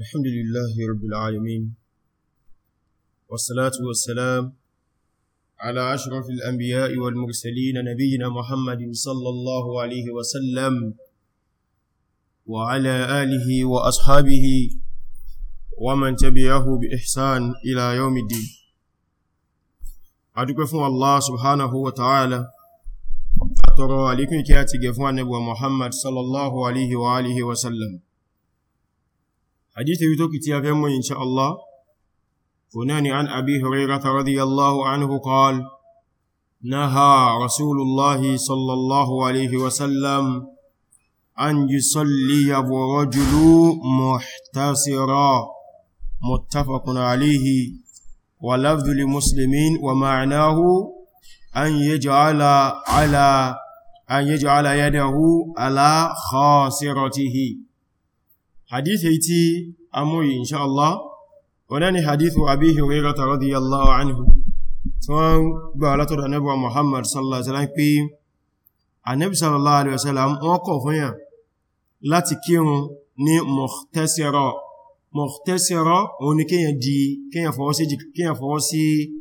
الحمد لله رب العالمين والصلاة والسلام على أشرف الأنبياء والمرسلين نبينا محمد صلى الله عليه وسلم وعلى آله وأصحابه ومن تبعه بإحسان إلى يوم الدين أدوك الله سبحانه وتعالى أترى عليكم كاتك محمد صلى الله عليه وآله وسلم حديث يتوك تيافهم إن شاء الله فناني عن أبي هريرة رضي الله عنه قال نهى رسول الله صلى الله عليه وسلم أن يصلي ورجل محتسرا متفق عليه ولفظ لمسلمين ومعناه أن يجعل على أن يجعل يده على خاسرته hadith yìí tí a mú yìí insha Allah wọ́n ni hadith wa Abi Hurairah radiyallahu anhu tí wọ́n gbà látọ̀dọ̀ Ànábì wa Muhammad sallallahu alaihi wasallam pé Ànábì sallallahu alaihi wasallam wọ́n kọ̀ fún yà láti kírun ní mukhtasira mukhtasira òun ni kíyàn di kíyàn fọwọ́ sí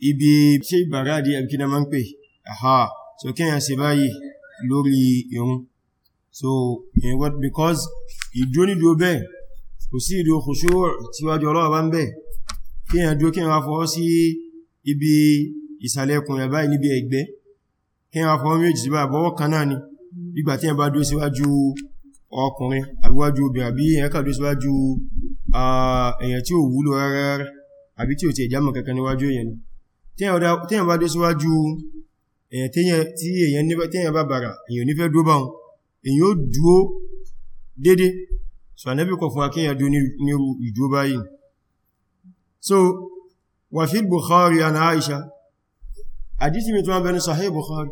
ibi ṣe ìbàrá di ẹ̀kídà so kíyàn because ìdúnídó bẹ́ẹ̀ kò sí ìlú kòṣó tíwájú ọlọ́wọ́ bá ń bẹ̀ kí èyàn dúó kí èyàn wá fọwọ́ sí ibi ìsàlẹ̀ ẹkùn rẹ̀ báyìí níbi ẹ̀gbẹ́ kí èyàn wá fọwọ́ méjì sí bá bọ́wọ́ kan náà ni ìgbà tí èyàn bá dúó síwájú ọkùnrin àbíwájú obìnrin àbí èyàn kà dúó síwájú èyàn tí ò wúlò rárá so anẹ́bí kọ̀ fún akíyàn dú nírú ìjó báyìí so wà fi bukhari an aisha àdísí mi tó wọ́n bẹni sahih bukhari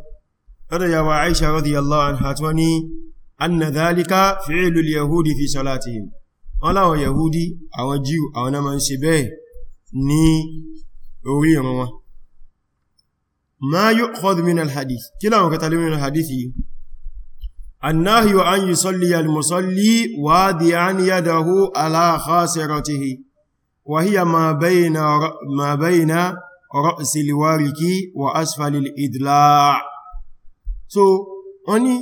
ọdọ̀ yawa aisha radiyallahu anha tó ní anna dhalika fi'lu yahudi fi salatihim wọ́n láwọn yahudi àwọn jíu àwọn náà ma ń ṣe bẹ́ẹ̀ ní orí ìran wọn ma min al hadith kí láwọn katalin al hadith الناهي أن يصلي المصلي واضعا يده على خاسرته وهي ما بين ما بين رأس الورك وأسفل الإدلاع so wọ́n ní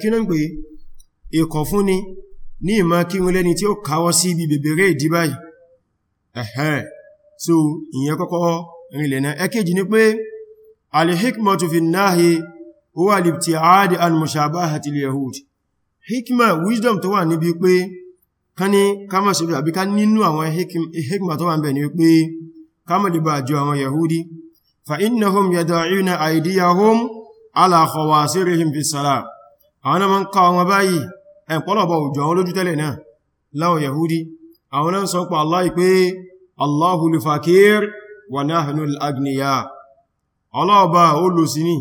kí náà ń pè ikọ̀ fún ni ní ìmá kírun lẹ́ni tí ó káwọ́ sí ibi bèbèrè ìdíbáyì ẹ̀hẹ́ so ìyẹn kọ́kọ́ huwa al-ibti'ad an mushabahati al-yahud hikma wisdom tó wà níbi pé kan ní kama ṣe àbí kan nínú àwọn hikma tó wà ń bẹ̀ ni pé kama lè bá jọ àwọn yahudi fa innahum yada'una aydiyahum ala khawasirihim fi salat àwọn ọmọ nǹkan àwọn báyìí ẹ̀pọ̀lọ̀bọ̀ òjò àwọn olójú tẹ́lẹ̀ náà láwọn yahudi àwọn náà sọ pé Allah pé Allahul wa nahnu al-agniya ọlọ́ọ̀bá olùsíní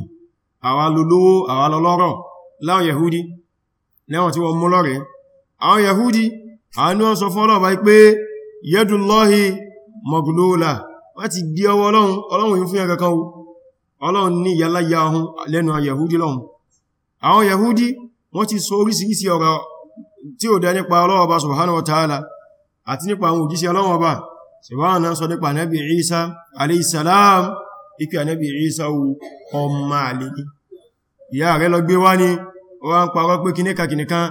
àwa lolówó àwa lọlọ́rọ̀ láwọn yahudi lẹ́wọ̀n tí wọ́n mú lọ́rẹ̀ àwọn yahudi àwọn ni wọ́n sọ fún ọlọ́ọ̀bá pé yadullahi maglula láti gbé ọwọ́ ọlọ́run ọlọ́run yìí fún ẹ̀kẹ́kọ́ ọlọ́run ní yàláyà ọhun lẹ́nu yahudi lọ́hun àwọn yahudi wọ́n ti sọ orísìírísìí ọ̀rọ̀ tí ó dá nípa ọlọ́ọ̀bá subhanahu wa ta'ala àti nípa àwọn òjíṣẹ́ ọlọ́wọ̀n ọba ṣùgbọ́n náà sọ nípa nabi isa alayhi salam ipi ànẹ́bì Ìsá o ọmọ àlè ní ìyá rẹ̀ lọ gbé wá ní wọ́n parọ́ pé kíníkà kíníkan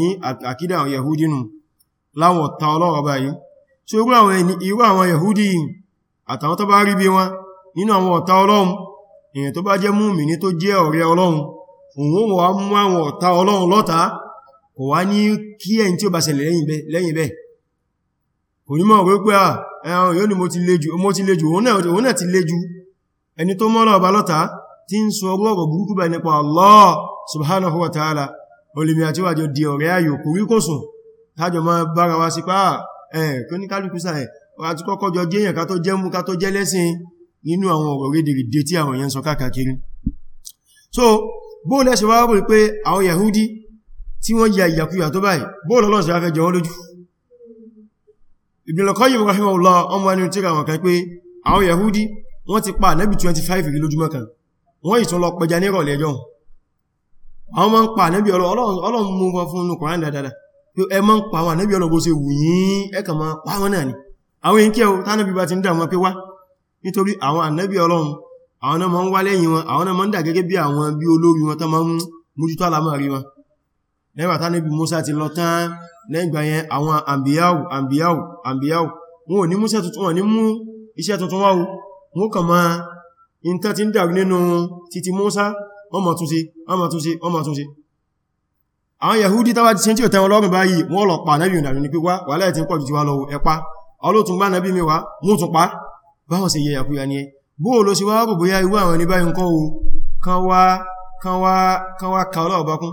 ní àkídà àwọn yahudi nù láwọn ọ̀tá ọlọ́rọ̀ báyìí tí ó irú àwọn yahudi àtàwọn tó bá rí bí wọn nínú àwọn ọ̀tá ọlọ́run èèyàn tó bá jẹ́ múmìní tó jẹ́ ọ̀rẹ́ ọlọ́run òun kò ní mọ̀ wípé à ẹ̀hàn yóò ní mo ti lejù mo ti lejù òun náà ti lejù ẹni tó mọ́rọ̀ ọba lọ́ta tí ń sọ ọgbọ́rọ̀ burúkú bá nípa Allah subhanahu wa ta'ala olèmí àti wàjọ di ọ̀rẹ́ ayò kò rí kòsùn tájọ máa bára wa sí pàá ẹ̀ kò ní kálukú sáà ọ̀rọ̀ àti kọ́kọ́ jọ jẹ́yàn ká tó jẹ́ mú ká tó jẹ́ lẹ́sìn nínú àwọn ọ̀rọ̀ rédèrèdè tí àwọn èèyàn sọ káàkiri so bóòlẹ́sẹ̀ wá rò pé àwọn Yahudi tí wọ́n ya ìyàkuyà tó báyìí bóòlọ́lọ́sẹ̀ wá fẹ́ jọ wọ́n lójú Ibn al-Qayyim rahimahullah ọmọ ẹni tí ra wọn kan pé àwọn Yahudi wọ́n ti pa ànábì 25 rí lójúmọ́ kan wọ́n ìtún lọ pẹja ní ìrọ̀lẹ́ ẹjọ́ àwọn máa ń pa ànábì Ọlọ́run mú wọn fún inú Kùránì pa àwọn ànábì Ọlọ́run bó ṣe wọn náà ni àwọn èyí kí ẹ tánàbí lẹ́gbàtá níbi Musa ti lọ tán lẹ́gbà yẹn àwọn àmbíyàwó àmbíyàwó àmbíyàwó wọn ò ní múṣẹ́ tuntun wọn ní mú iṣẹ́ tuntun wáwó wọn kà máa in tán ti ń dàrú nínú títí Musa wọ́n pa náà ìrìnàjò ní pípa wà láì tí ń pọ̀ jù ti wá lọ ẹpa ọlótún gbá náà bí mi wá mú tún pa báwọn ṣe yẹ yàkúyà ní ẹ bóò ló sì wá rò bóyá irú àwọn ẹni báyìí ń kọ́ kan wá kan wá kan wá kan ọlọ́ọ̀bákún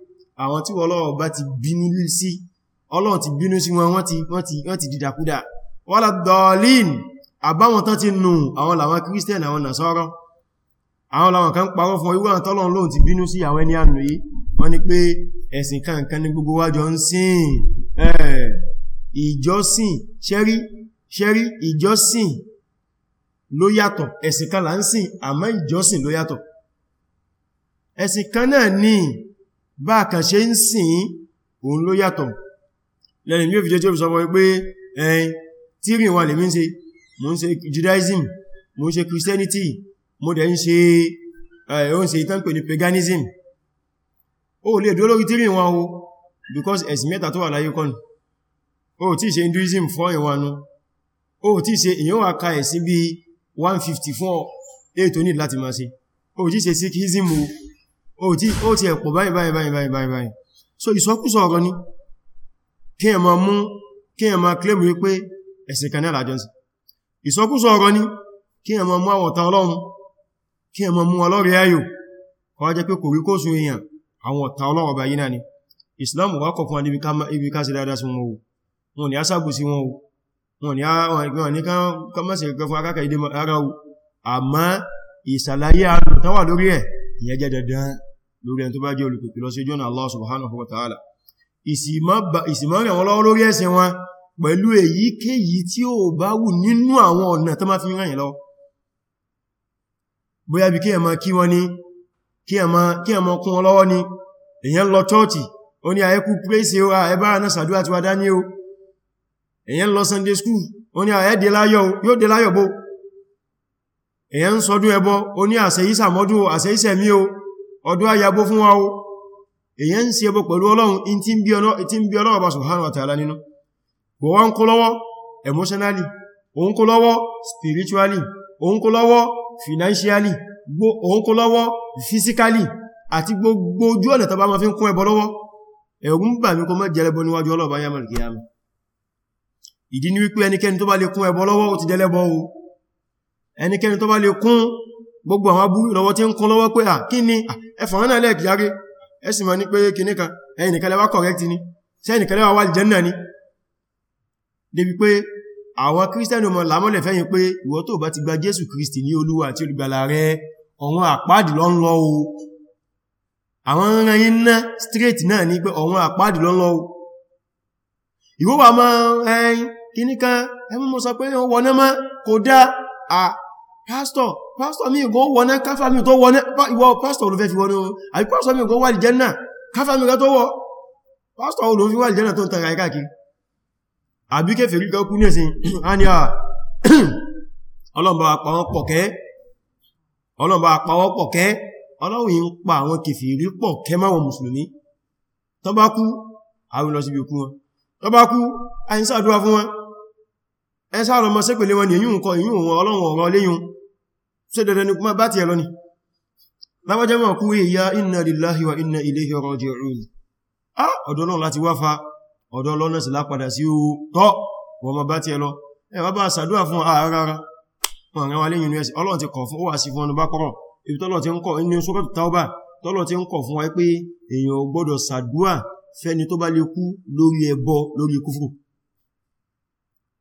àwọn tí ọlọ́run bá ti bínú sí ọlọ́run ti bínú sí wọn wọ́n ti wọ́n ti wọ́n ti dìdàkúdà wọ́n lá dọ̀ọ̀lín àbáwọn tán ti nù àwọn làwọn kírísítẹ̀nì àwọn nàṣọ́rọ́ àwọn làwọn kan parọ́ fún irú àwọn tọ́lọ́run lóhun ti bínú sí àwọn ẹni ànú yìí wọ́n ní pé ẹ̀sìn kankan ní gbogbo wájọ ń sìn ìjọsìn ṣẹ́rí ṣẹ́rí ìjọsìn ló yàtọ̀ ẹ̀sìn kan là ń sìn àmọ́ ìjọsìn ló yàtọ̀ ẹ̀sìn kan náà ni bákan ṣe ń sìn òun ló yàtọ̀ lẹ́yìn mí ò fi jẹ́ tí ó fi sọ pé ẹ̀yìn tí rí wà lè mí ń ṣe mo judaism mo ń christianity mo dẹ̀ ń ṣe ẹ̀hún ṣe ìtàn ní paganism ó lè dúró lórí tí rí wọn o because ẹ̀sìn mẹ́ta tó wà láyé kọ́nù ó tí ṣe hinduism fọ́ ìwọ̀nù ó tí ṣe èyàn wà ka ẹ̀sìn bí 150 fún ètò ní láti máa ṣe ó tí ṣe sikhism o ó ti ó ti ẹ̀pọ̀ báyìí báyìí báyìí báyìí báyìí báyìí so ìsọkúsọ ọ̀rọ̀ ni kí ẹ ma mú kí ẹ ma claim wípé ẹ̀sìn kan náà lájọ́sí ìsọkúsọ ọ̀rọ̀ ni kí ẹ ma mú àwọ̀ta ọlọ́run kí ẹ ma mú ọlọ́rẹ̀ ayò kọ́ jẹ́ pé kò rí kó sun èèyàn àwọn ọ̀ta ọlọ́rọ̀ báyìí náà ni Islam wá kọ̀ fún wa níbi ká sí dáadáa sí wọn o wọn ni a sábù sí wọn o wọn ni ká má sì kẹ́kẹ́ fún akákà ìdí ara o àmọ́ ìsàlàyé àrùn tán wà lórí ẹ̀ ìyẹn jẹ́ dandan lórí ẹni tó bá jẹ́ olùpèpè lọ sí ojú ọ̀nà Allah subhanahu wa ta'ala ìsìmọ́rin àwọn lọ́wọ́ lórí ẹ̀sìn wọn pẹ̀lú èyíkéyìí tí ó bá wù nínú àwọn ọ̀nà tó má fi ràn yín lọ bóyá bí kí ẹ máa kí wọn ní kí ẹ máa kún wọn lọ́wọ́ ní èyàn lọ chọ́ọ̀tì ó ní àyẹ́kú pèsè ó àẹ́bá náà sàdúrà tí wà dání ó èyàn lọ Sunday school ó ní àyẹ́ yóò dé láyọ̀ bó èyàn ń sọdún ẹbọ ó ní àṣẹ́yísàmọ́dún àṣẹ́yísẹ̀mí ó ọdún ayabo fún wa o èyàn ń ṣe ẹbọ pẹ̀lú ọlọ́run in tí ń bí ọlọ́run bá subhanahu wa nínú wọ́n kó lọ́wọ́ emotionally òun kó lọ́wọ́ spiritually òun kó lọ́wọ́ financially òun kó lọ́wọ́ physically àti gbogbo ojú ọ̀nà tó bá ma fi ń kún ẹbọ lọ́wọ́ ẹ̀rùn bà mí kó mọ́ jẹ́lẹ́bọ níwájú ọlọ́ọ̀bá yamal kiyama ìdí ni wípé ẹnikẹ́ni tó bá lè kún ẹbọ lọ́wọ́ ó ti jẹ́lẹ́bọ o ẹnikẹ́ni tó bá lè kún gbogbo àwọn abúrú lọ́wọ́ tí ń kún lọ́wọ́ pé à kí ni ẹfọ̀n náà lẹ́ẹ̀kì yáre ẹsì mọ̀ ní pé kìíní kan ẹnìkan lẹ́wà correct ni sẹ́nìkan lẹ́wà wà jẹ́ náà ni débi pé àwọn kírísítẹ́nì mọ̀ lámọ́lẹ̀ kristi ní olúwa àti olùgbàlà rẹ ọ̀wọ́n àpáàdì ló straight náà ni pé ọ̀wọ́n àpáàdì ló ń lọ o ìwọ wà mọ́ ẹyin kìíní kan ẹmú mọ́ pásítọ̀ mi ìgò wọná káfà mi tó wọná pastor pásítọ̀ olùfẹ́ fi o àbí pásítọ̀ mi ìgò wà ìjẹ́nà káfà mi tó wọ pásítọ̀ olùfẹ́ wà ìjẹ́nà tó ń tara ìkàkì àbí kẹfẹ́ rí kọkú ní ẹ̀sìn àníà ọlọ́mbà àpàwọ́ pọ̀kẹ́ ọlọ́wìn ń pa àwọn kẹfẹ́ rí pọ̀ kẹ́ máwọn mùsùlùmí tó bá kú àwọn lọ síbi òkú wọn tó bá kú àyíṣàdúrà fún wọn ẹ sáà lọ mọ́ sẹ́pẹ̀lẹ́ wọn ni èyí ń kọ èyí òun ọlọ́run ọ̀rọ̀ léyìn ṣe dandan ni kuma bá ti ẹ̀lọ ni lábájá máa kú ya inna lillahi wa inna ilayhi raji'un a ọ̀dọ̀ Ọlọ́run láti wá fa ọ̀dọ̀ Ọlọ́run náà sì lápadà sí o tọ́ wọ́n ma bá ti ẹ̀lọ ẹwà bá sàdúwà fún ààrára wọn rẹwà lẹ́yìn university Ọlọ́run ti kọ̀ fún ó wà sí fún ọdún bá kọ́rọ̀ ibi tọ́lọ̀ ti ń kọ̀ inú sọ́rọ̀ tàbá tọ́lọ̀ ti ń kọ̀ fún wa pé èèyàn gbọ́dọ̀ sàdúwà fẹ́ni tó bá lè kú lórí ẹbọ lórí kúfùrù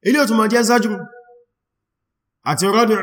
ilé ò tún ma jẹ́ zájú àti rọ́dùn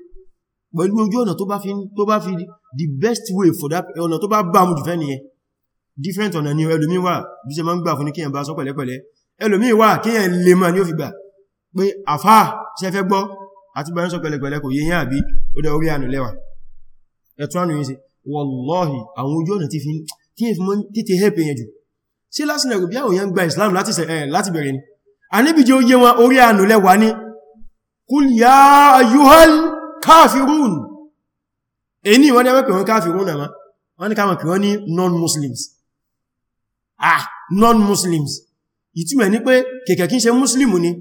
pẹ̀lú ojú ọ̀nà tó bá fi tó bá fi the best way for that ọ̀nà tó bá bá mú jù fẹ́ nìyẹn different ọ̀nà ni ẹlòmí wà bí ṣe máa ń gbà fún ní kíyàn bá sọ pẹ̀lẹ́pẹ̀lẹ́ ẹlòmí wà kíyàn lè máa ní ó fi gbà pé àfá ṣe fẹ́ gbọ́ àti bá ń sọ pẹ̀lẹ́pẹ̀lẹ́ kò yẹ yẹn àbí ó dẹ orí ànù lẹ́wà ẹ̀tún ànù yìí sí wallahi àwọn ojú ọ̀nà tí fi fi mọ́ tètè help yẹn jù sí láti nẹ̀rù bí àwọn yẹn gba Islam láti bẹ̀rẹ̀ ni àníbi jẹ́ ó yẹ wọn orí ànù lẹ́wà ní kúl yá ayúhal káàfirún èní wọ́n ni a mẹ́pẹ̀ wọn káàfirún náà wọ́n ni káàmọ̀ pẹ̀ wọ́n ni non-muslims ah non-muslims ìtumẹ̀ ní pé kẹ̀kẹ̀ kí ṣe muslim ni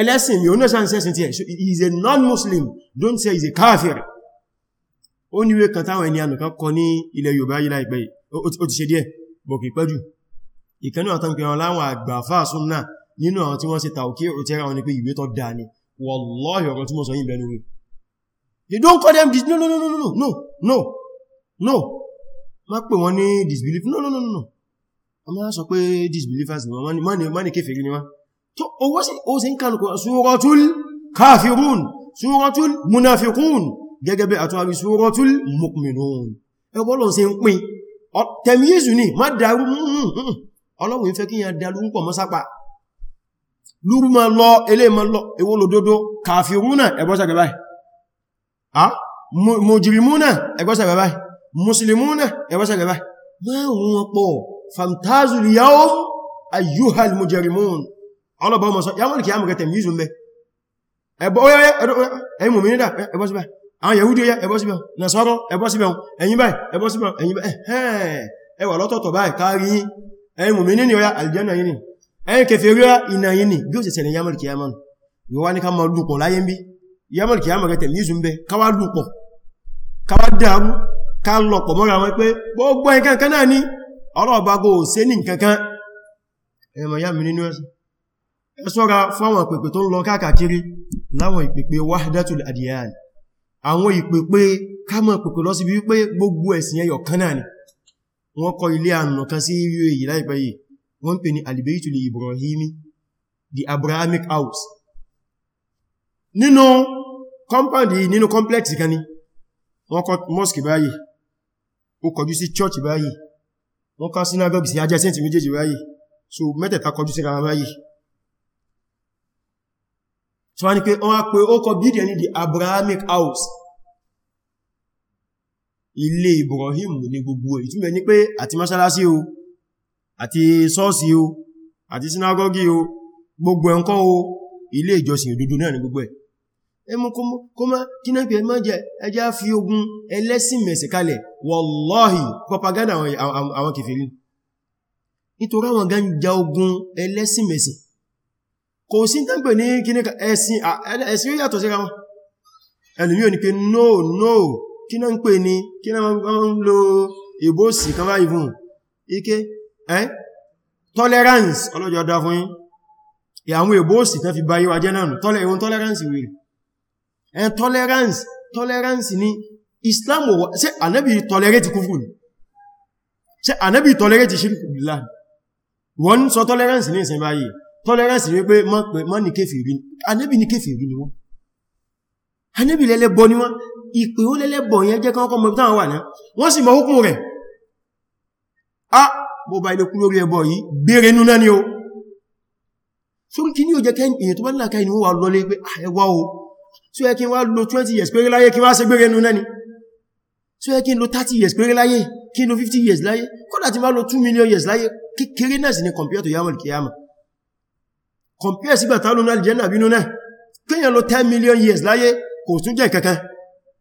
ẹlẹ́sìn mi oníṣà ń sẹ́sìn tí ẹ̀ so he is a non-muslim don't say he is a káàfir ó níwé kan táwọn ẹni ànà kan kọ ní ilẹ̀ Yorùbá yìí láìpẹ́ ó ti ṣe díẹ̀ bọ̀kì pẹ́jù ìkanú àtànkì àwọn aláwọ̀ àgbàfà súnnà nínú àwọn tí wọ́n ṣe tàókè òtẹ́ra you don't call them this no no no no no no no no má pè wọ́n ní disbelief no no no no a máa sọ pé disbelievers ni wọ́n má ní kéfèrí ni wọ́n tó owó sí ó sì ń kàlùkù suratul kafirun suratul munafiqun gẹ́gẹ́ bí àtọ́ àbí suratul mu'minun ẹgbọ́lọ̀ sí ń pín tẹ̀míyèsù ni má dàrú mm, mm, mm, ọlọ́run fẹ́ kí yàn dàrú ń pọ̀ mọ́sápàá lúrú ma lọ elé ma lọ ewó lòdódó kàfírúnà ẹ̀bọ́sàgbẹ̀ báyìí mùjìrìmúnà ẹgbọ́sẹ̀ rẹ̀ báyìí mùsùlùmúnà ẹgbọ́sẹ̀ rẹ̀ báyìí márùn-ún ọpọ̀ famtazul yawm ayyuhal mujrimun ọlọ́bọ̀ ọmọ sọ yàmọ́lì kìí àmùgẹ́tẹ̀ mìízùn bẹ ẹbọ́ oyẹ́ ẹ̀yìn mùmí nídà ẹbọ́ síbẹ̀ àwọn yahudi oyẹ́ ẹbọ́ síbẹ̀ nasọ́rọ̀ ẹbọ́ síbẹ̀ ẹ̀yìn báyìí ẹbọ́ síbẹ̀ ẹ̀yìn báyìí ẹwà lọ́tọ̀ọ̀tọ̀ báyìí kárí ẹ̀yìn mùmí níní oyá aljanna yìí ni ẹ̀yìn kẹfẹ́ rí iná yìí ni bí ó sì sẹ̀lẹ̀ yàmọ́lì kìí àmọ́lì yóò wá ní ká mọ́ lùpọ̀ láyé ń bí yamal kìí àmàgẹ́ tẹ̀lé ìzù ń bẹ káwà lùpọ̀ káwà dáàmú ká lọ̀pọ̀ mọ́ra wọn pé gbogbo nǹkankan náà ní ọlọ́ọ̀bágó ṣe ní nǹkankan ẹmọ̀ yá ya nínú ẹ̀sùn ẹ ṣọ́ra fáwọn lọ káàkiri láwọn ìpèpè wahdatul adiyan àwọn ìpèpè kámọ̀ ìpèpè lọ sí bụ ikpe gbogbo kan náà ni ní the abrahamic house nínú compound yìí nínú complex kan ní wọ́n kọ́ mosque báyìí ó kọjú sí church báyìí wọ́n kọ́ synagogue sí adjacent méjèèjì báyìí so mẹ́tẹ̀ta kọjú sí ara báyìí tí wọ́n ni pé wọ́n pé ó kọ bídẹ̀ ní the Abrahamic house ilé Ibrahim ní gbogbo ìtumọ̀ ní pé àti mọ́ṣálásí o àti sọ́ọ̀sì o àti synagogue o gbogbo ẹ̀ńkọ́ o ilé ìjọsìn òdodo náà ní gbogbo ẹ̀ ẹmú kó má kí náà pẹ̀ ẹmọ́ jẹ ẹjá fi ogun ẹlẹ́sìn mẹ̀sẹ̀ kalẹ̀ wallahi propaganda àwọn kèfèrí nítorí àwọn gan ja ogun ẹlẹ́sìn mẹ̀sẹ̀ kò sí tẹ́m̀pẹ̀ ní kíníkà ẹ̀sìn yàtọ̀ sí wọn ẹlùmí ò ní pé no no kí náà ń pè ní kí náà ń lo ìbòsì kan bá ìbùn ike ẹ́ tolerance ọlọ́jọ́ dá fún yí àwọn ìbòsì tán fi báyíwá jẹ́ náà tolerance wèrè and eh, tolerance tolerance ni Islam wà ṣe ànábì tolerate kúfù ni ṣe ànábì tolerate ṣíríkù bílá wọ́n sọ tolerance ní ìsìn báyìí tolerance ni pé mọ́ ní kéfèrí ànábì ní kéfèrí ni wọ́n ànábì lẹ́lẹ́bọ ni wọ́n ìpè ó lẹ́lẹ́bọ yẹn jẹ́ kọ́kọ́ mọ̀ táwọn wà náà wọ́n sì mọ̀ hukumu rẹ̀ a ah, bó ba ilé kú lórí ẹbọ yìí béèrè nú náà ni o sórí kí ní ò jẹ́ kẹ́ èyàn tó bá nílàkà ìníwó wà lọlé pé àẹwà ah, o so ẹ kí wá lo 20 years péré láyé kí wá ṣe gbére nù náà ni so ẹ kí lo 30 years péré láyé kí lo 50 years láyé kódà tí má lo 2 million years láyé kékeré náà sì ni compare to yamal kiyama compare sígbà tálù náà jẹ́ nàbínú náà kéyàn lo 10 million years láyé kò tún jẹ́ kankan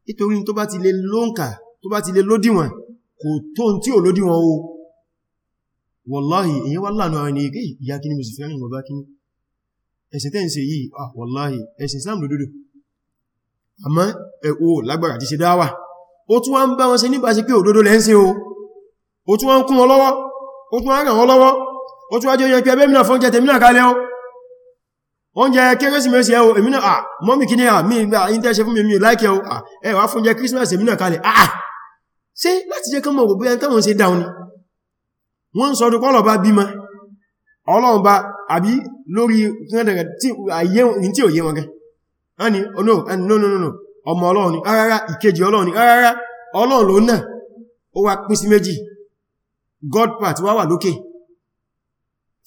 nítorí àmọ́ ẹ̀wò lágbára ti ṣe dáwà ó tún wá ń bá wọn ṣe nípa sí pé òdodo lẹ́ ń ṣe o ó tún wá ń kún wọn lọ́wọ́ ó tún wá ń ràn wọn lọ́wọ́ ó tún wá jẹ́ yẹn pé ẹbẹ́ mìíràn fún jẹ tẹ̀mínà o oúnjẹ kérésìmẹ́sì ẹ̀ o èmìnà à mọ́mí kí ní à mí ìgbà ìntẹ́ ṣe fún mi mi láìkẹ́ o à ẹ wá fún jẹ kírísìmẹ́sì èmìnà kalẹ̀ à ṣe láti jẹ́ kánmọ̀ òbí ẹni táwọn ṣe dáun ni wọ́n ń sọ ọdún pọ́lọ̀ bá bímọ ọlọ́run bá àbí lórí tí ò yé wọn gan ani oh no and no no no no ọmọ ọlọ́run ni rárá ìkejì ọlọ́run ni rárá ọlọ́run ló náà ó wá pín sí méjì god part wá wà lókè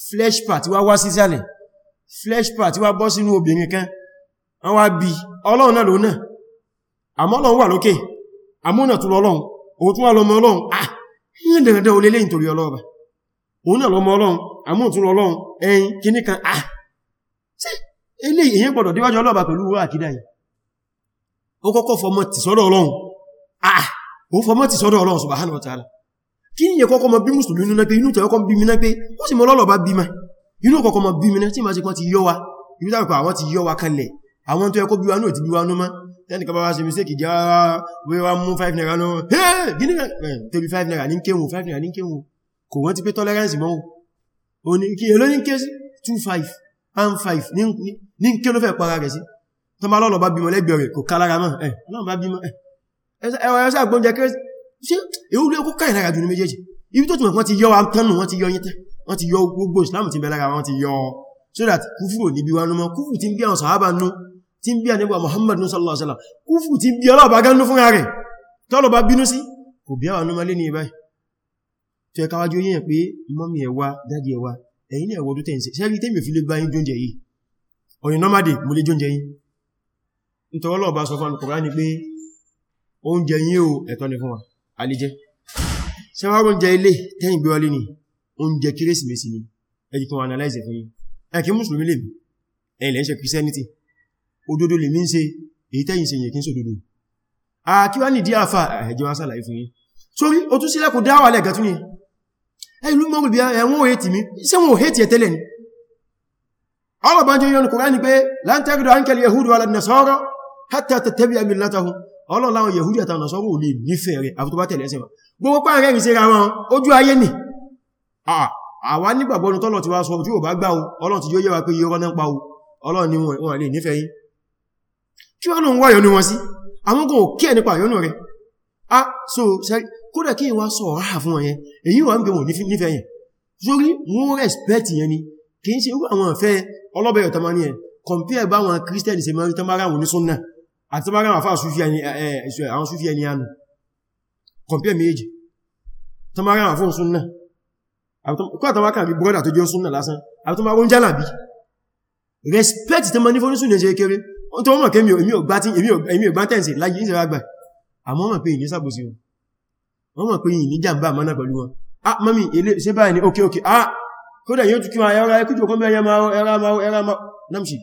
flesh part wá wá sísàlẹ̀ flesh part wá bọ́ sínú obìnrin kan wọ́n wá bí ọlọ́run náà ló náà àmọ́ ọlọ́run wà lókè àmúnà tó lọ́lọ́run òun tún wà lọ́mọ ọlọ́run ah yínyìn dandan olélé nítorí ọlọ́run òun náà lọ́mọ ọlọ́run àmúnà tó lọ́lọ́run ah ilé ìyẹn gbọ́dọ̀ díwájú ọlọ́ọ̀bà pẹ̀lú àkídà yìí ó kọ́kọ́ fọmọ́ tì sọ́dọ̀ ọlọ́run ah ó fọmọ́ tì sọ́dọ̀ ọlọ́run subhanahu wa ta'ala kí ní ẹ̀kọ́kọ́ mọ bí mùsùlùmí nínú pé inú tẹ̀kọ́ bí mi náà pé ó sì mọ́ ma inú kọ́kọ́ mọ bí mi náà tí ti kọ́ ti yọ́ wa inú tàbí pa àwọn ti yọ́ wa kanlẹ̀ àwọn tó ẹkọ́ wa náà ti bí wa wa mú 5 naira náà hey gíní tẹ́bi 5 naira ní kéwò 5 naira ní kéwò kò wọ́n ti pé tolerance mọ́ o ní kí èlò ní kéwò and five ní kí ló fẹ́ para rẹ̀ sí tó máa lọ́lọ́ bá bímọ lẹ́gbẹ̀ẹ́ rẹ̀ kò kálára mọ́ ẹ̀ ọlọ́run bá bímọ ẹ̀ ẹwà ẹ̀ṣẹ́ àgbóúnjẹ kérésì ṣe èwú lé ibi tó ti wọ́n ti yọ wa tánu wọ́n ti yọ yíntẹ́ wọ́n ti yọ so that kúfùrù níbi wa númọ kúfù ti ń bí àwọn sàhábà nú ti ń Muhammad nú sallallahu alaihi wasallam kúfù ti ń bí ọlọ́ọ̀bá gánú fúnra rẹ̀ tọ́lọ̀ bá bínú sí kò bí àwọn númọ lé ní ibáyìí tó ẹka wájú yíyàn pé mọ́mí ẹ̀wà dájí ẹ̀wà ẹ̀yin ní ẹ̀wọ̀dún tẹ́yìn sí rí tẹ́mì fi lè bá yín jóúnjẹ yìí ọ̀yìn nọ́màdì mo lè jóúnjẹ yìí nítorí Ọlọ́run bá sọ fún Al-Kùránì pé oúnjẹ yìí ò ẹ̀tọ́ ni fún wa alíjẹ́ sẹ́wàá oúnjẹ ilé tẹ́yìn gbé wálé ni oúnjẹ kérésìmesì ni ẹjì kan analyze fún yín ẹkí mùsùlùmí lè ẹ̀yìn lẹ́ṣẹ̀ christianity òdodo lè mí ń ṣe èyí tẹ́yìn ṣe yẹ̀kí ń sòdodo àkíwá nìdí àfà ẹjọ́ wá sàlàyé fún yín sórí ó tún sílẹ̀kùn dáwà lẹ́gàtún ni ẹ̀lú mọ́rù bí ẹ̀wọ́n ò hẹ́tì mi iṣẹ́ wọn ò hẹ́tì ẹ̀ tẹ́lẹ̀ ni ọlọ́bàájọ́ yọ́nù kùránì pé láńtẹ́rìdọ áńkẹ̀lì yahudu wala nasara hatta tattabi millatahum ọlọ́láwọn yahudu àtàwọn nasara ò lè nífẹ̀ẹ́ rẹ̀ àfitọ́bá tẹ̀lẹ̀ ẹsẹ̀ gbogbo pa rẹ̀ ìṣẹ́ ra wọn ojú ayé ni ah, àwa nígbàgbọ́ ní tọ́lọ̀ ti wá sọ tí ò bá gbá o ọlọ́run ti yóò yẹ́ wa pé yọ́rọ́ náà pa o ọlọ́run ni wọn lè nífẹ̀ẹ́ yìí kí wọ́n lóun wáyọ̀ ní wọn sí àwọn kò kí ẹ̀ nípa àyọ́nù rẹ̀ ah so kódà kí wá sọ ọ̀rá fún ọ̀yẹn èyí wà ń gbé wọn nífẹ̀ẹ́ yẹn sórí wọ́n respect yẹn ni kì í ṣe irú àwọn ìfẹ́ ọlọ́bẹ̀ ọ̀tọ́mọ́ ní ẹ̀ compare bá wọn Christian ṣe mọ́rí tán bára wọn ní súnnà àti bára wọn fáà àwọn súfí ẹni ànù compare méjì tán bára wọn fún súnnà kó àtàwà kàn bí brọ́dà tó jẹ́ súnnà lásán àti tó bá wọ́n jálàbí respect tán mọ́ ní fún súnnà ṣe kéré wọ́n tó mọ̀ kémi ò gbá tẹ́ǹsì láyé ìṣẹ́ra gbà àmọ́ mọ̀ pé ìyẹ́sàbòsí wọn wọ́n mọ̀ pé yìí ní jàmbá mọ́nà pẹ̀lú wọn ah mami ilé ṣe báyìí ni ok ok ah kódà yóò tukí wọn ẹra ẹkùjọ kọ́ mẹ́rin ẹra ma ẹra ma námsì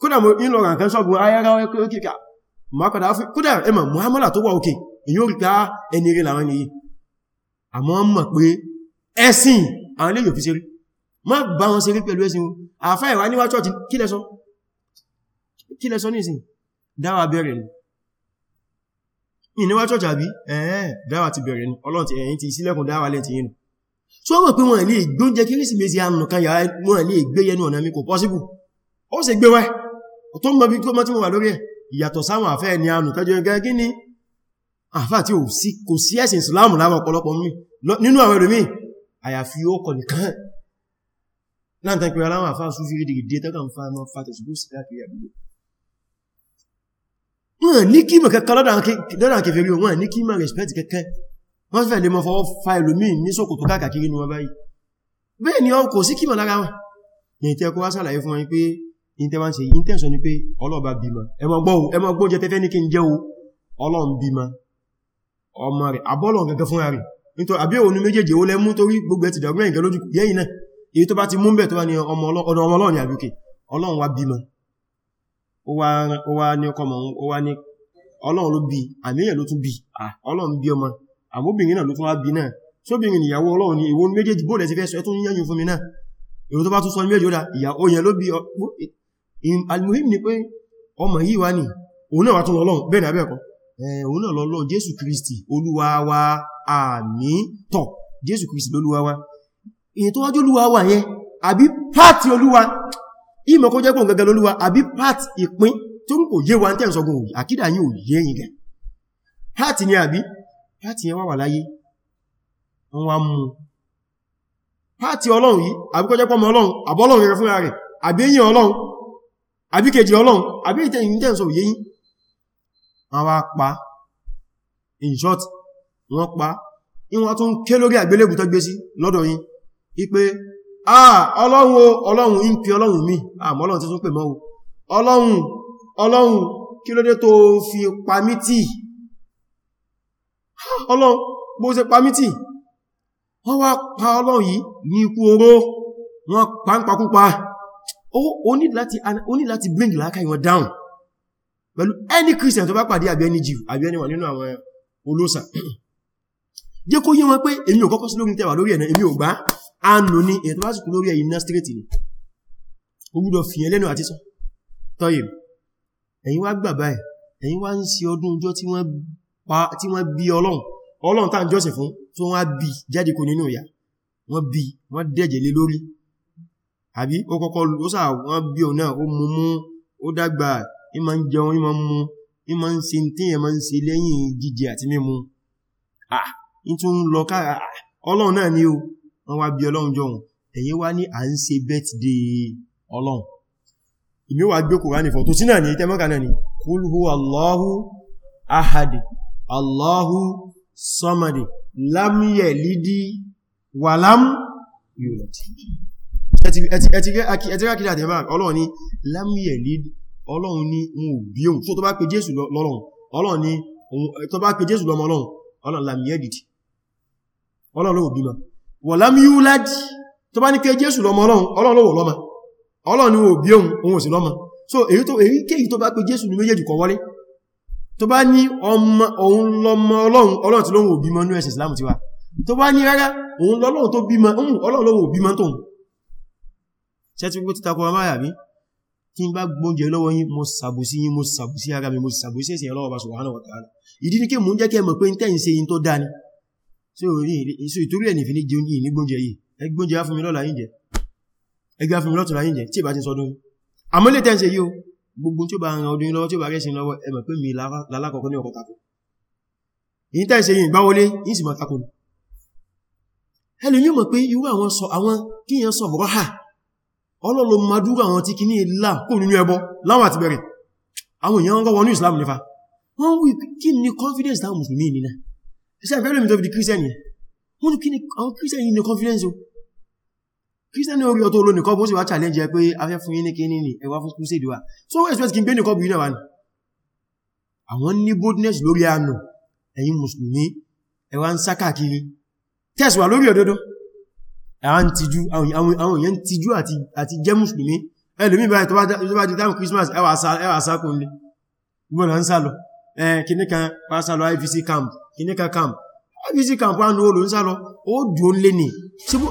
kódà mo ń lọ ràn kan sọ́bùn ayára ah, ẹkùjọ mọ́kàdá fún kódà ẹmà muhammadu tó wà òkè èyàn rí ká ah, ẹni rí làwọn ni àmọ́ mọ̀ pé ẹ̀sìn àwọn ilé yóò fi ṣeré má bá wọn ṣeré pẹ̀lú ẹ̀sìn àfá ìwà níwá chọ́ọ̀tì kílẹ̀ sọ kílẹ̀ sọ ní ìsìn dáwà bẹ̀rẹ̀ ni ìníwá church àbí ẹ̀ẹ́ dáwà ti bẹ̀rẹ̀ ní ọlọ́run ti ẹ̀yìn ti sílẹ̀kùn dáwà lẹ́ntì yìí tí wọ́n mọ̀ pé wọ́n lè gbóúnjẹ kérésìmesì àmì kan yàrá wọ́n lè gbé yẹnu ọ̀nà mi kò pọ́síbù ó sì gbé wẹ́ tó mọ́ bí tó mọ́ tí mo wà lórí ẹ̀ ìyàtọ̀ sáwọn àfẹ́ ni àmì kẹjọ gẹ́ kí ni àfà tí kò sí ẹ̀sìn ìsìláàmù láwọn ọ̀pọ̀lọpọ̀ mi nínú àwọn ẹlòmí àyàfi ó kọ̀ nìkan láǹtàn pé aláwọn àfà súfì rídìgì dé tọ́kàn fa ẹmọ fa tẹ̀sùgbó sí káàkiri àdúgbò wọ́n ní kíma kankan lọ́dà kèfèrí wọ́n ní kíma respect kankan wọ́n fẹ́ lè mọ́ fọwọ́ fa ìlòmín ní sókò tó káàkiri ní wọ́n báyìí bẹ́ẹ̀ ni ọkọ̀ sí kíma lára wọn yìí tẹ́ kó wá sàlàyé fún wọn pé intention intention ni pé ọlọ́ọ̀bá bímọ ẹmọ gbọ́ jẹ tẹ́fẹ́ ní kí n jẹ́ o ọlọ́ọ̀n bímọ ọmọ rẹ̀ abọ́lọ̀ gẹ́gẹ́ fúnra rẹ̀ nítorí àbí òun méjèèjì ó lẹ́mú torí gbogbo ẹ̀ ti dàgbẹ́ ìgẹ́ lójú yẹ́yìn náà èyí tó bá ti mú bẹ̀ tó bá ní ọmọ ọlọ́ọ̀ni àbíkè ọlọ́ọ̀n wá bímọ ó wá ní ọkọ̀ mọ̀ ó wá ní ọlọ́run ló bí àmìyàn ló tún bí ah. ọlọ́run bí ọmọ àmóbìnrin náà ló tún wá bí náà tí obìnrin ìyàwó ọlọ́run ni ìwọ méjèèjì bóòlẹ̀ ti fẹ́ sọ ẹtún yẹ́yìn fún mi náà èrò tó bá tún sọ méjì ó dá ìyàwó yẹn ló bí almuhim ni pé ọmọ yìí wá ní òun náà wá tún lọ́lọ́run bẹ́ẹ̀ náà bẹ́ẹ̀ kọ́ òun náà lọ́lọ́run jésù kristi olúwa wa àmì tọ̀ jésù kristi lolúwa wa èyí tó wájú olúwa wa yẹn àbí pàtì olúwa ìmọ̀ kó jẹ́ pọ̀ gẹ́gẹ́ lólúwa àbí part ìpín tó ń kò yé wa tẹ́ ìsọ̀gùn òyí àkídà yíò yé yìí gẹ̀ part ni àbí part yẹn wà wà láyé wọn mú part ọlọ́run yìí àbí kó jẹ́ pọ̀ ọlọ́run àbọ́lọ́run rẹ fúnra rẹ̀ àbí eyín ọlọ́run àbí kejì ọlọ́run àbí ìtẹ̀yìn tẹ́ ìsọ̀ yé yìí wọ́n wá pa in ipe ah ọlọ́run o ọlọ́run ń pè ọlọ́run mi àmọ́ ọlọ́run ti tún pè mọ́ o ọlọ́run ọlọ́run kí ló dé tó fi pamítì ọlọ́run bó ṣe pamítì wọ́n wá pa ọlọ́run yìí ní ikú oró wọ́n pa ń pakúpa ó ní láti ó ní láti bring láàkà ìwọ̀n down pẹ̀lú any christian tó bá pàdé àbí ẹni jù àbí ẹni wà nínú àwọn olóòsà jẹ́ kó yé wọn pé èmi ò kọ́kọ́ sí lórí tẹwà lórí ẹ̀nà èmi ò gbá àánú ní èyí tó bá sì kú lórí ẹ̀yìn náà straight ni ó gbúdọ̀ fi ẹlẹ́nu àti sọ tọ́yẹ̀ ẹ̀yin wá gbà báyìí ẹ̀yin wá ń ṣe ọdún ọjọ́ tí wọ́n bí ọlọ́run ọlọ́run tá ń jọ́sìn fún tó wọ́n bí jáde kò nínú ìyà wọ́n bí wọ́n dẹ̀jẹ̀ lé lórí àbí ó ló sà wọ́n bí òun ó mú mú ó dàgbà ìmọ̀ ń jẹun ìmọ̀ ń mu ìmọ̀ ń ṣe tí ẹ̀mọ̀ ń ṣe lẹ́yìn jíjẹ àti mímu ah ń tún lọ kára ọlọ́run náà ni o wọ́n wá bí ọlọ́run jọun ẹ̀yin wá ní à ń ṣe birthday ọlọ́run ìmí wà gbé kòránì fọ́ tó sí náà ní tẹ́mọ́kà náà ni qul huwa Allahu ahad Allahu samadi lam lidi walam lam yulad ẹ̀tìrákìdà àtẹ̀bá ọlọ́run ni lam yalid ọlọ́run ni wọn ò bí òun tó bá pe Jésù lọ́lọ́run ọlọ́run ni tó bá pe Jésù lọ́mọ ọlọ́run ọlọ́run lam yalid ọlọ́run bí ma wọ̀lám yúlád tó bá ní pé jésù lọ́mọ ọlọ́run ọlọ́lọ́wọ̀ lọ́mọ ọlọ́run ò bí ohun ohun sí so èyí tó èyí kéyìí tó bá pé jésù ní méjèèjì kọ wọlé tó bá ní ọmọ òun lọ́mọ ọlọ́run ọlọ́run tí lóhun òbí mọ́ ní ẹ̀sìn islam ti wá tó bá ní rárá òun lọ́lọ́run tó bímọ ohun ọlọ́run lọ́wọ́ òbí mọ́ tóun ṣẹ́tí gbogbo ti takọ ọmọ àyàbí tí ń bá gbóúnjẹ lọ́wọ́ yín mo sàbòsí yín mo sàbòsí ara mi mo sàbòsí ẹ̀sìn ọlọ́wọ́ bá subhanahu wa ta'ala ìdí ni kí mò ń jẹ́ kí ẹ mọ̀ sí orí iṣu ìtorí ẹ̀ nìfin jẹun yìí nígbóúnjẹ yìí ẹgbóúnjẹ á fún mi lọ́la yìí jẹ ẹgbẹ́ á fún mi lọ́tọ̀la yìí jẹ tí ìbá ti sọdún àmọ́ lè tẹ́ǹsẹ̀ yìí o gbogbo tí ó bá ran ọdún lọ́wọ́ tí ó bá rẹ́sìn lọ́wọ́ ẹ mọ̀ pé mi lálákọ̀ọ́kọ́ ní ọkọ̀ tako èyí tẹ́ǹsẹ̀ yìí gbáwọlé yìí sì mọ̀ tako ni ẹlù yóò mọ̀ pé irú àwọn sọ àwọn kíyàn sọ rọ́hà ọlọ́lọ́ madúrú àwọn tí kì ní ìlà kò nínú ẹbọ láwọn àti bẹ̀rẹ̀ àwọn èèyàn ń rọ́ wọnú Islam nífà wọ́n wí kí ni confidence táwọn mùsùlùmí c'est le problem of the Christian yẹn wọ́n kí ni àwọn Christian yìí ní confidence o Christian ní orí ọ̀tọ̀ olóòní kọ́ bó sì wá challenge ẹ pé afẹ́ fún yín ní kí ní ẹwà fún crusade wa so wọ́n expect kí n gbé ní kọ́bù yìí náà wà ní àwọn ní boldness lórí àánú ẹ̀yin mùsùlùmí ẹwà ń sá káàkiri test wà lórí òdodo àwọn èèyàn tijú àti jẹ́ mùsùlùmí ẹlòmí báyìí tó bá di time Christmas ẹwà sákùnlé gbọ́nà ń sálọ kìnníkan pásálọ IVC camp ìníkà camp abisi camp wà ní olù ń sá lọ ó dùn ó lé ní síbú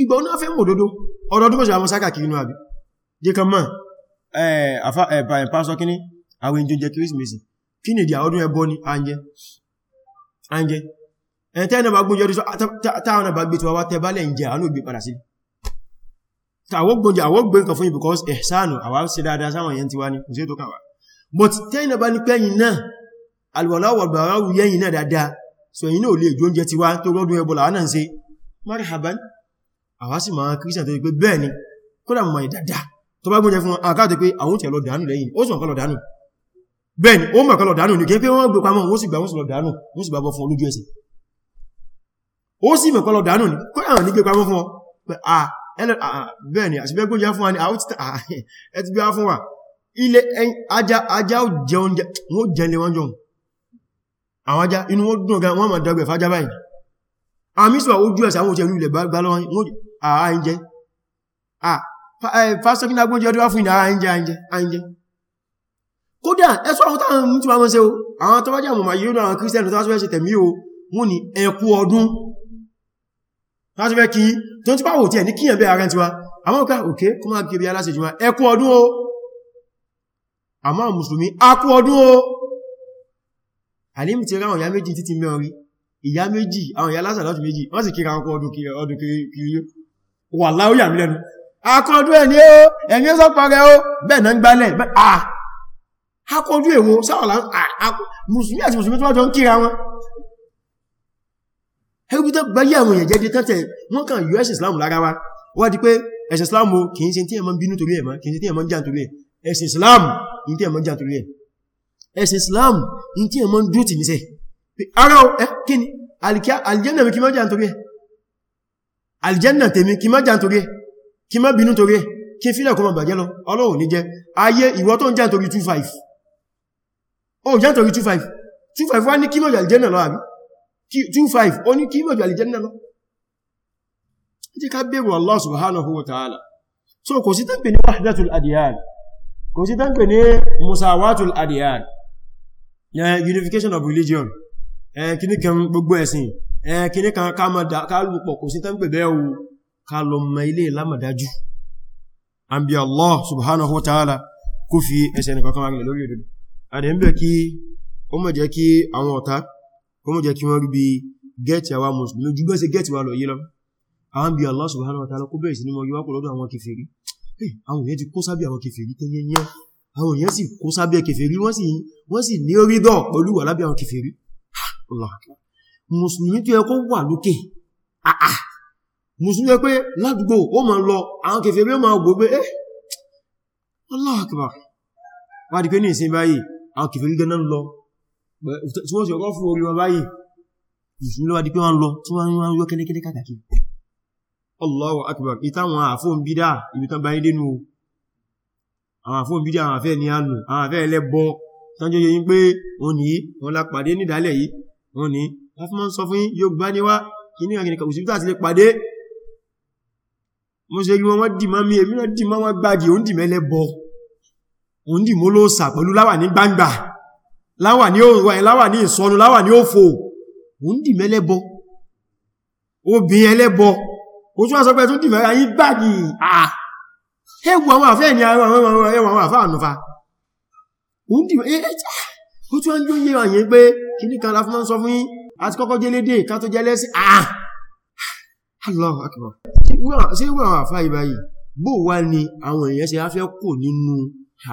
ìgbà ó náà fẹ́ mọ̀ òdodo ọdọọdún mọ̀ṣẹ̀ àwọn sáka kiri inú àbí jẹ́ kan mọ́ pásọ kíní àwọn ìjọ jẹ kérésìmesì kí nìdí àọdún ẹbọ ní àǹjẹ àǹjẹ ẹ̀tẹ́ẹ̀nà bá gbójọ́ táwọn bá gbé tí wá tẹ́ bá lẹ́ ń jẹ àánú fún yín because ẹ̀sánù àwọ́ sí dáadáa sáwọn yẹn ti wá ní kò sí kàwà but tẹ́ẹ̀nà bá ní pẹ́yìn náà alwọ̀láwọ̀gbàráwù yẹ́yìn náà dáadáa so ẹ̀yin náà lè jọ oúnjẹ ti wá tó rọ́dún ẹbọ̀lá náà ń ṣe marhaban àwa sì máa kírísà tó pé bẹ́ẹ̀ ni kódà mọ̀ ìdàdà tó bá gbóúnjẹ fún àkáàtò pé àwọn òtẹ̀ lọ dànù lẹ́yìn ó sì mọ̀ kọ́ lọ dànù bẹ́ẹ̀ ni ó mọ̀ kọ́ lọ dànù ní kí pé wọ́n gbé pamọ́ wọ́n sì gbà wọ́n sì lọ dànù wọ́n sì gbàbọ̀ fún olójú ẹsẹ̀ ó sì mọ̀ kọ́ lọ dànù ní kó àwọn ní gbé pamọ́ fún ọ bẹ́ẹ̀ ni àti àwọn ajá inú wọ́n dùn gan wọ́n ma dọ́gbẹ̀ fájá báyìí àmísùwà ojú ẹ̀sẹ̀ àwọn òṣèlú ilẹ̀ bá lọ́wọ́ àáyíjẹ́ fásitọ́kínà gbójí ọdún wá fún ìdá àáyíjẹ́ kódà ẹ̀sọ́ àwọn táwọn tí wọ́n ṣe o àwọn tó bá jẹ́ àmọ̀mà yíò àwọn kírísítẹ̀nù tó ṣe tẹ̀mí o wọ́n ni ẹkú ọdún láti fẹ́ kí tó ti pàwò tí ẹ̀ ní kíyàn bẹ́ ara tiwa àwọn òkè òkè kó máa kiri aláṣẹ́jùmá ẹkú ọdún o àmọ́ mùsùlùmí akú ọdún o Halim ti ráwọn ìyá méjì títí mẹ́rin ìyá méjì àwọn ìyá lásà láti méjì wọ́n sì kíra ọkọ̀ ọdún kiri ọdún kiri yó wà láwọ́ yà mí lẹ́nu akọ̀ọ̀dún ẹni ó ẹni ó sọ́pọ̀ rẹ ó bẹ́ẹ̀ náà ń gbálẹ̀ akọ̀ọ̀dún èwo sáwọ̀lá mùsùlùmí àti mùsùlùmí tó wájọ ń kíra wọn ẹgbẹ́ tó gbáyé àwọn èèyàn jẹ́jẹ́ tẹ́tẹ̀ wọ́n kàn yọ ẹ̀sìn Islam lára wa wá di pé ẹ̀sìn Islam kìí ṣe tí ẹ̀mọ́ bínú torí ẹ̀mọ́ kìí ṣe tí ẹ̀mọ́ jà torí ẹ̀ ẹ̀sìn Islam kìí tí ẹ̀mọ́ jà torí ẹ̀ ẹ̀sìn Islam in tí ẹmọ́ ń dúró tì níṣẹ́ ara ẹ kí ni aljanna mi kí má jà nítorí ẹ aljanna tèmi kí má jà nítorí ẹ kí má bínú torí ẹ kí fílẹ̀ kó má bàjẹ́ lọ ọlọ́run ní jẹ́ ayé ìwọ tó ń jà nítorí 25 ó jà nítorí 25 25 wá ní kí má jà aljanna lọ àbí 25 ó ní kí má jà aljanna lọ jẹ́ ká bẹ̀rù Allah subhanahu wa ta'ala so kò sí tán kò sí tán pè ní musawatul adiyan uh, unification of religion kíní kan gbogbo ẹ̀sìn kíní kan ká lùpọ̀ kò sí tán pẹ̀bẹ̀ o ká lọ mọ ilé lámàdájú an bí Allah subhanahu wa ta'ala kó fi ẹsẹ̀ nìkankan wà lórí òdòdó adẹ̀ ń bẹ̀ kí ó mọ̀ jẹ́ kí àwọn ọ̀tá ó mọ̀ jẹ́ kí wọ́n rí gẹ́ẹ̀tì àwa mùsùlùmí lójú Allah subhanahu wa ta'ala kó bẹ̀rẹ̀ sí ní mọ yíwápọ̀ lọ́dọ̀ àwọn kèfèrí àwọn èèyàn ti kó sábì àwọn àwọn èèyàn sì kó sábẹ́ kèfèrí wọ́n sì wọ́n sì ní orí dọ̀ pẹ̀lú wà lábẹ́ àwọn kèfèrí mùsùlùmí tó yẹ kó wà lókè àà mùsùlùmí yẹ pé ládùúgbò ó máa lọ àwọn kèfèrí ó máa gbò pé eh Allahu Akbar wá di pé ní ìsin báyìí àwọn kèfèrí gẹ́nà ń lọ tí wọ́n sì ọkọ́ fún orí wọn báyìí mùsùlùmí wá di pé wọ́n lọ tí wọ́n ń yọ kẹ́lẹ́kẹ́lẹ́ kàkàkì Allahu Akbar ìtàwọn àfóhùn bídà ibi báyìí dénú àwọn àfún bídí àwọn àfẹ́ ní ànù àwọn àfẹ́ ẹlẹ́bọ tánjọ́ yìí pé wọ́n ní wọ́n la pàdé nídàálẹ̀ yìí wọ́n ní láti mọ́ sọ fún yóò gbá níwá kí ní àkìníkà òsìbítà àti lè pàdé mo ṣe rí wọn wọ́n dì máa mi èmi náà dì máa wọ́n gbájì òun dì mẹ́lẹ́ bọ òun dì mọ́ ló sà pẹ̀lú láwà ní gbangba láwà ní òrùwà ẹ̀ láwà ní ìsọnu láwà ní òfò òun dì mẹ́lẹ́ bọ obìnrin ẹlẹ́bọ ojú àsọpẹ́ tún dì mẹ́ra yín gbájì ah ewu àwọn àfẹ́ ni àwọn àfẹ́ ànúfà òun dìbò ẹjá ó tí wọ́n jú yẹ àyẹ́ pé kí ní kan láfún sọ fún yí àti kọ́kọ́ jẹ́ lédè ká tó jẹ́ lẹ́sí ah! Allahu Akbar ṣe ewu àwọn àfẹ́ ìbáyìí bó wá ni àwọn èèyàn ṣe afẹ́ kò nínú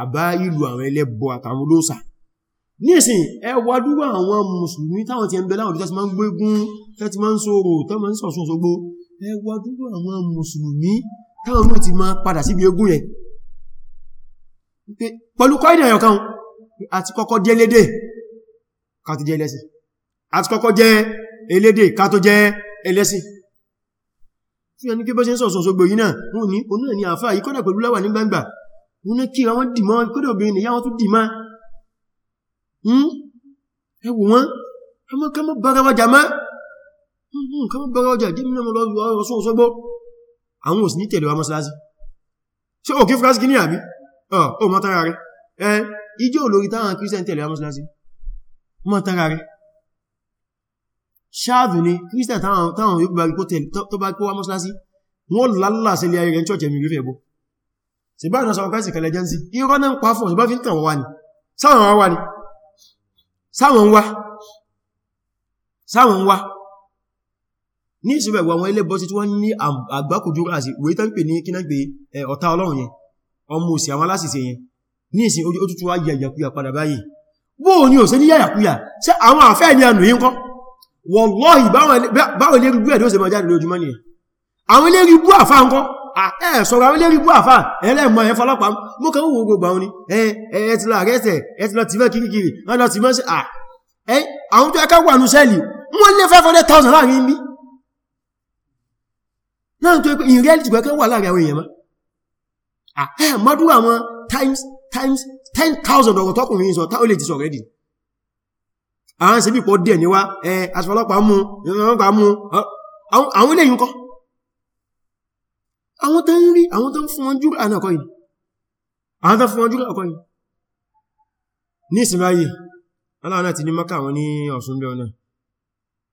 àbá ìlú àwọn ẹlẹ́bọ àtàwọn olóòsà nísìn ẹwàdúwà àwọn mùsùlùmí táwọn ti ń bẹ láwọn ìjọsí máa ń gbégún tẹ́tí máa ń sọ̀rọ̀ tẹ́ máa ń sọ̀sọ̀ sọgbó ẹwàdúwà àwọn mùsùlùmí káwọn ọmọ ti máa padà síbi ogún yẹn pẹ̀lú kọ́ ìdẹ̀yàn kan àti kọ́kọ́ jẹ́ lédè ká tó jẹ́ ẹlẹ́sìn àti kọ́kọ́ jẹ́ elédè ká tó jẹ́ ẹlẹ́sìn tí ẹni kí bọ́ sí ń sọ̀sọ̀ gbò yìí náà wọ́n ní oní ẹni àfáà yìí kọ́dà pẹ̀lú láwà ní gbangba wọ́n ní kí àwọn dìmọ́ kọ́dà obìnrin ìyá wọn tó dìmọ́ hmm? ẹwù wọn ọmọ kọmọ bára wájà má àwọn òsì ní tẹ̀lé wa mọ́sálásí ṣe òkè fúrásí kí ní àbí ọ̀ mọ́ tara rẹ̀ ẹ ijó olórí táwọn kírísítẹ̀n tẹ̀lé wa mọ́sálásí mọ́ tara rẹ̀ ṣáàdù ni kírísítẹ̀n táwọn yóò gbàgbé tó bá kó wa mọ́sálásí wọ́n lálà sí ilé ayẹyẹ church ẹ̀mí rẹ̀ bọ́ sì bá ìrọ̀sọ̀ ọkọ̀ ìsìnkẹ̀lẹ̀ jẹ́ sí irọ́ náà ń pa fún ìbá fi ń tàn wá ni sáwọn wá ni sáwọn wá ní ìsinmi ẹ̀wọ̀ àwọn ilé bọ́sí tí wọ́n ní àgbákòjú ráàsì wèé tán pè ní kíná pé ọ̀tá ọlọ́run yẹn ọmọ òsì àwọn aláṣìṣẹ́ yẹn ní ìsin ó tútù wá yàyàkúyà padà báyìí bó o ní òsẹ́ ní yàyàkúyà ṣé àwọn àfẹ́ ní ànù yín kọ́ wallahi báwọn ilé ribú ẹ̀dọ́ ṣe máa jáde lójúmọ́ ni àwọn ilé ribú àfá ń kọ́ ẹ sọ̀rọ̀ àwọn ilé ribú àfá ẹlẹ́mọ̀ ẹ fọlọ́pàá mú kẹ́ wò gbogbo àwọn ni ẹ ti lọ àrẹ́sẹ̀ ẹ ti lọ tìfẹ́ kìrìkìrì ẹ lọ tìfẹ́ sí àwọn tó ẹkẹ́ wà nù sẹ́ẹ̀lì wọ́n lé 500,000 láàrin bí náà tó in reality gbẹ́kẹ́ wà láàrin àwọn èèyàn mọ́ mọ́dún àwọn times times ten 10,000 ọ̀rọ̀ tọ́kùnrin sọ táwọn lè ti sọ rẹ́dì àwọn sí pípọ̀ díẹ̀ níwá ẹ asfọ́lọ́pàá mú ọlọ́pàá mú àwọn ilé yìí kọ́ àwọn tó ń rí àwọn tó ń fún wọn jùlọ àná kọ́yìn àwọn tó fún wọn jùlọ kọ́yìn ní ìsinmi ayé aláwọn náà ti ní mọ́kà àwọn ní ọ̀sùn bẹ́ọ̀ náà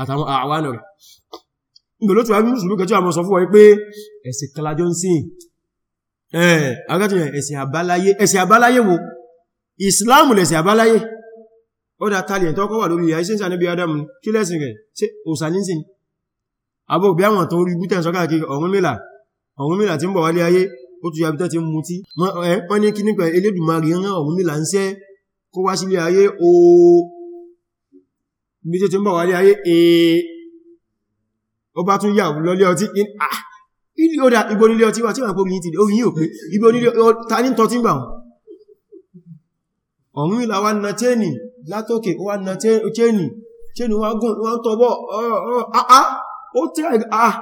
àtàwọn àwọn rẹ̀ ìgbòló tí wà ní ṣùgbọ́n kẹjọ́ àmọ́ sọ fún wọ́n pé ẹ̀sìn kalajọ́ ń sìn ẹ̀ẹ̀ agátìyàn ẹ̀sìn àbáláyé ẹ̀sìn àbáláyé wo ìsìláàmù lẹ̀sìn àbáláyé ó dá tààlì ẹ̀tọ́ kọ́ wà lórí àìsínsà níbi Adam kí lẹ́sìn rẹ̀ ṣe òsàníṣìn abọ́ bí àwọn tó rí bútẹ̀ sọ́kà kiri Ọ̀rúnmìlà Ọ̀rúnmìlà tí ń bọ̀ wálé ayé ó tún yàbítọ́ ti mú tí wọ́n ní kí nípa Elédùmarè rán Ọ̀rúnmìlà ń sẹ́ kó wá sílé ayé ooo bí tí ń bọ̀ wà ní ayé èé eh, ó bá tún yà lọ́lé ọtí in ah ilé ọdá ibo nílé ọtí wà tí wọ́n pòmí ìtìdí orí yíò pé ibo nílé ọta ní tọ́ tí ń gbà ọ̀rún ìlà wa na tẹ́ẹ̀nì látòkè wa na tẹ́ẹ̀nì tẹ́ẹ̀nì wa gùn ah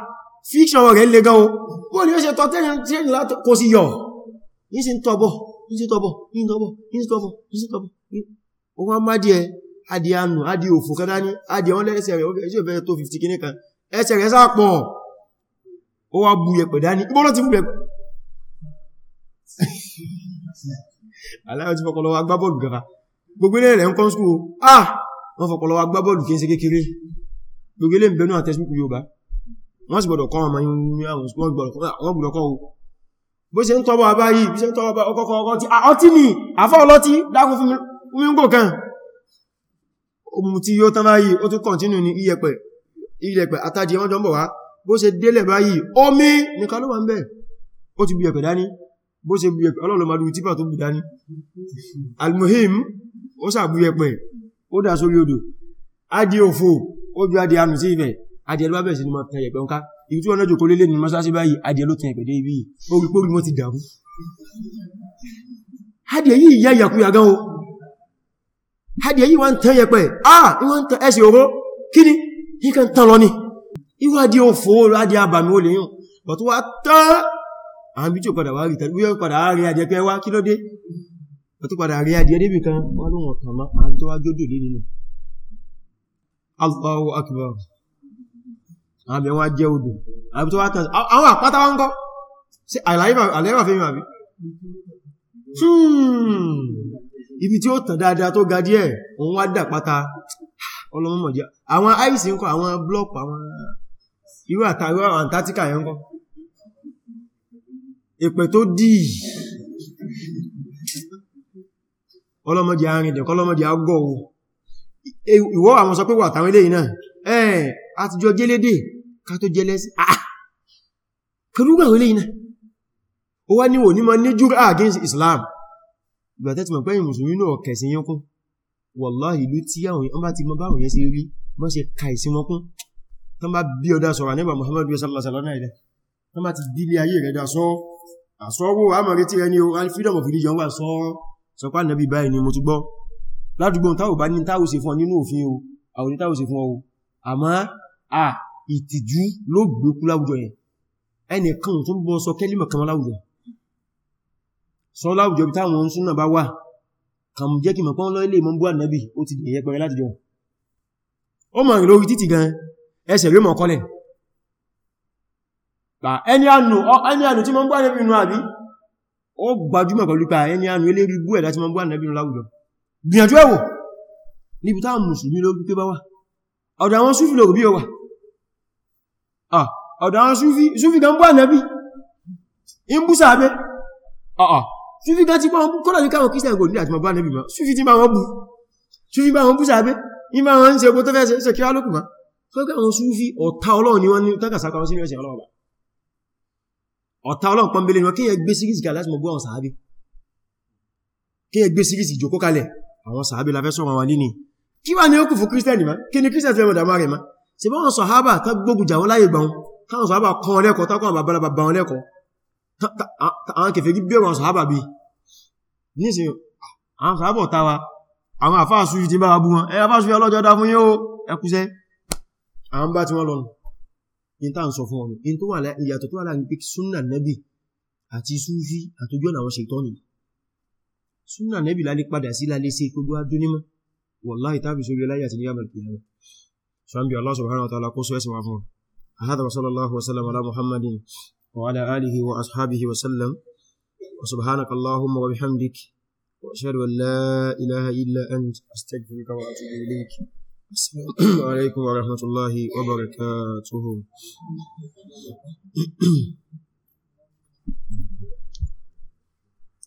fíṣàn rẹ̀ lè gan o wọ́n ni ó ṣe tọ́ tẹ́ẹ̀nì látòkò sí yọ yìí adi anu adi òfò kan dání adi àwọn lẹ́sẹ̀ rẹ̀ ọ̀fẹ́ ìṣẹ́fẹ́ tó 50 kìíní kan ẹsẹ̀ rẹ̀ sápọ̀ ó wá bu yẹ̀pẹ̀ dání ìbọ́lọ́ ti búbẹ̀ aláyọ̀ ti fọkọlọ wa gbábọ́ọ̀lù gara gbogbo ilé rẹ̀ ń kọ́ skú ah wọ́n fọkọlọ wa gbábọ́ọ̀lù kìí ṣe kékeré gbogbo ilé ń bẹnu àtẹ́sùkú yóò bá wọ́n sì gbọ́dọ̀ kọ́ ọmọ yìí wọ́n gbọ́dọ̀ kọ́ ah, bó ṣe ń tọ́wọ́ abáyìí bí ṣe ń tọ́wọ́ ọkọ̀ọ̀kọ̀ ah, ọtí ni àfọ́ ọlọ́tí dákun fún mi ń gò kan ohun tí yóò tán báyìí ó tún kọ̀ntínú ní iyẹ̀pẹ̀ iyẹ̀pẹ̀ àtàjì wọ́n jọ ń bọ̀ wá bó ṣe délẹ̀ báyìí omi nìkan ló wà ń bẹ̀ ó ti bu yẹ̀pẹ̀ dání bó ṣe bu yẹ̀pẹ̀ ọlọ́lọ́mọdú típà tó bu dání almuhim ó sàbú yẹ̀pẹ̀ ó dà sórí odò adì òfò ó ju adì anù sí ibẹ̀ adì ẹlú e bàbẹ̀ sí ni mo tẹ yẹ̀pẹ̀ ńká ibi tí wọ́n lọ́jọ́ kólé lé ní mọ́sáṣí báyìí adì ẹlú e tẹ yẹ̀pẹ̀ dé ibi hadi èyí wọ́n tán yẹpẹ̀ ah wọ́n tán ẹsẹ̀ oró kí ni yí kan tán lọ ní ìwádí òfò rádí àbàmì olè yùn bọ̀ tó wá tán àwọn bí tí ó padà wá rí tàbí wọ́n padà rí adìẹ pé wá kí ló dé bọ̀ tó padà rí adìẹ débì kan wá ló wọ̀n tàn máa tó wá jódò lé nínú Allahu akbar àbí wọ́n jẹ́ odò àbí tó wá tàn àwọn àpáta wọn kọ́ sí àlàyé wà fẹ́ mi àbí hmm ibi tí ó tàn dáadáa tó ga díẹ̀ òun wá dà pátá ọlọ́mọ̀mọ̀ jẹ́ àwọn ice ń kọ́ àwọn blọ́ọ̀pù àwọn irú àtàrí àwọn Antarctica yẹn kọ́ ìpẹ̀ tó dì ọlọ́mọdé arìndẹ̀ kọlọ́mọdé agọ́ o ìwọ́ àwọn sọ pé wà tàwọn ilé ìnáà ẹ̀ àtijọ́ jẹ́lédè ká tó jẹ́lẹ́sí ah, ah. pẹ̀lú gbẹ̀rẹ̀ ilé ìnáà ó wá níwò ní ma ní jùrà against Islam ìgbà tẹ́tí mọ̀ pé ẹ̀yin mùsùlùmí náà kẹ̀sìn yín kún wàláhì ìlú tí àwọn èèyàn bá ti mọ báwọn yẹn ṣe rí wọ́n ṣe ka ìsìn wọn kún tó bá bí ọdá sọ̀rọ̀ nígbà Muhammad bin sallallahu alaihi wasallam ilẹ̀ tó bá ti dílé ayé rẹ̀ dá sọ àsọwọ́ àmọ̀rí tí ẹni oral freedom of religion wà sọ sọpá nàbí báyìí ni mo ti gbọ́ ládùúgbò táwò bá ní táwò ṣe fún ọ nínú òfin o àwọn táwò ṣe fún ọ àmọ́ à ìtìjú ló gbé kú láwùjọ yẹn ẹnìkan tó ń bọ́ sọ kẹ́límọ̀ kan láwùjọ yẹn sọ láwùjọ bí táwọn súnà bá wà kàn jẹ́ kí mọ̀pọ̀ lọ ilé mọ̀ bú ànábì ó ti dìyẹ pẹ̀rẹ̀ láti jọ ó mọ̀ lórí títì gan ẹsẹ̀ rí mọ̀ kọlẹ̀ ẹni ànù tí mọ̀ bú ànábì inú àbí ó gbajúmọ̀ pẹ̀lú pa ẹni ànù ilé rí bú ẹ̀dá tí mọ̀ bú ànábì inú láwùjọ gbìyànjú ẹ̀wò níbi táwọn mùsùlùmí ló gbé bá wà ọ̀dọ̀ àwọn súfì lòrò bí gan bú ànábì ń bú sàábẹ́ ṣúfí gan ti bá wọn bú kọ́lá ní káwọn kírísítà gòdí àti màbá nẹ́bì ma ṣúfí ti bá wọn bú ṣúfí bá wọn bú sàábé ní ma wọn ń ṣe ogun tó fẹ́ ṣe kí á lókùn ma kọ́kọ́ àwọn ṣúfí ọ̀tá ọlọ́run ni wọ́n ní tákàsákà wọn sínú ẹ̀sìn ọlọ́run ọ̀tá ọlọ́run pọ́nbélé wọn kíyẹ gbé sírísì kalẹ̀ láti mọ̀ la fẹ́ sọ̀rọ̀ wọn líni kí wà ní ó kù fún kírísítẹ̀nì ma kí ni kírísítẹ̀nì fẹ́ mọ̀dàmá rẹ̀ ma ṣe bá wọn sọ̀hábà tá gbógun jà wọn láyé gbà wọn káwọn sọ̀hábà kọ́ wọn àwọn kèfèrí bẹ̀rù àwọn sàhábà bí nísìn àwọn sàhábà tàwà àwọn àfáàsù ti bára bú wọn ẹ àfáàsù yà lọ́jọ́ dá fún yín o ẹkùsẹ́ àwọn bá ti wọ́n lọ́nà in tàà ń sọ fún ọ̀nà in tó wà ìyàtọ̀ tó wà láàrin pé súnà nẹ́bì àti súfí àtòjú ọ̀nà àwọn ṣètọ́nì súnà nẹ́bì lálé padà sí lálé sí gbogbo adúnímọ̀ wallahi tàbí sórí láyé àti níyàmọ̀ ìpìyàmọ̀ sọ́nbí Allah subhanahu wa ta'ala kó sọ ẹ̀sìn wa fún wa sallallahu wa sallam ala muhammadin وعلى آله وأصحابه وسلم وسبحانك اللهم وبحمدك وأشهد أن لا إله إلا أنت أستغفرك وأتوب إليك السلام عليكم ورحمة الله وبركاته